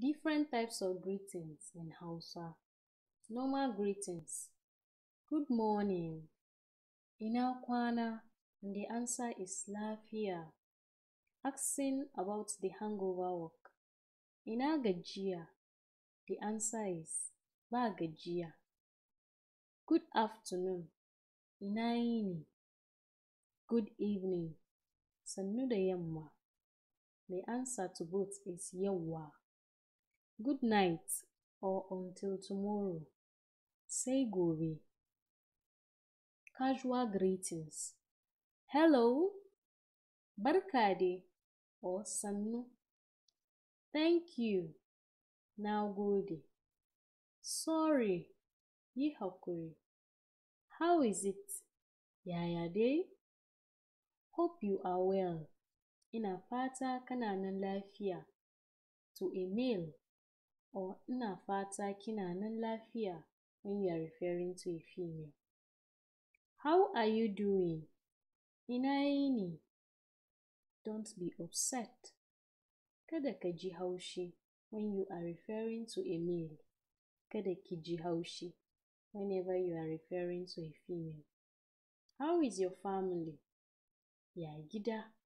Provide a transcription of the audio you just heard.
Different types of greetings in Hausa. Normal greetings. Good morning. Ina kwana. And the answer is lafiya. Asking about the hangover work. Ina gajiya. The answer is ba Good afternoon. Ina yini. Good evening. Sannu da The answer to both is yawa. Good night or until tomorrow. Say Gori. Casual greetings. Hello, barkadi, or Sannu. Thank you, now Gode. Sorry, yi hakuri. How is it? Yaya dai? Hope you are well. Ina fata kana nan lafiya. To a male. Oh ina fata kina nan lafiya when you are referring to a female. How are you doing? Ina yini? Don't be upset. Kada ka ji haushi when you are referring to a male. Kada ki ji haushi whenever you are referring to a female. How is your family? Ya gida?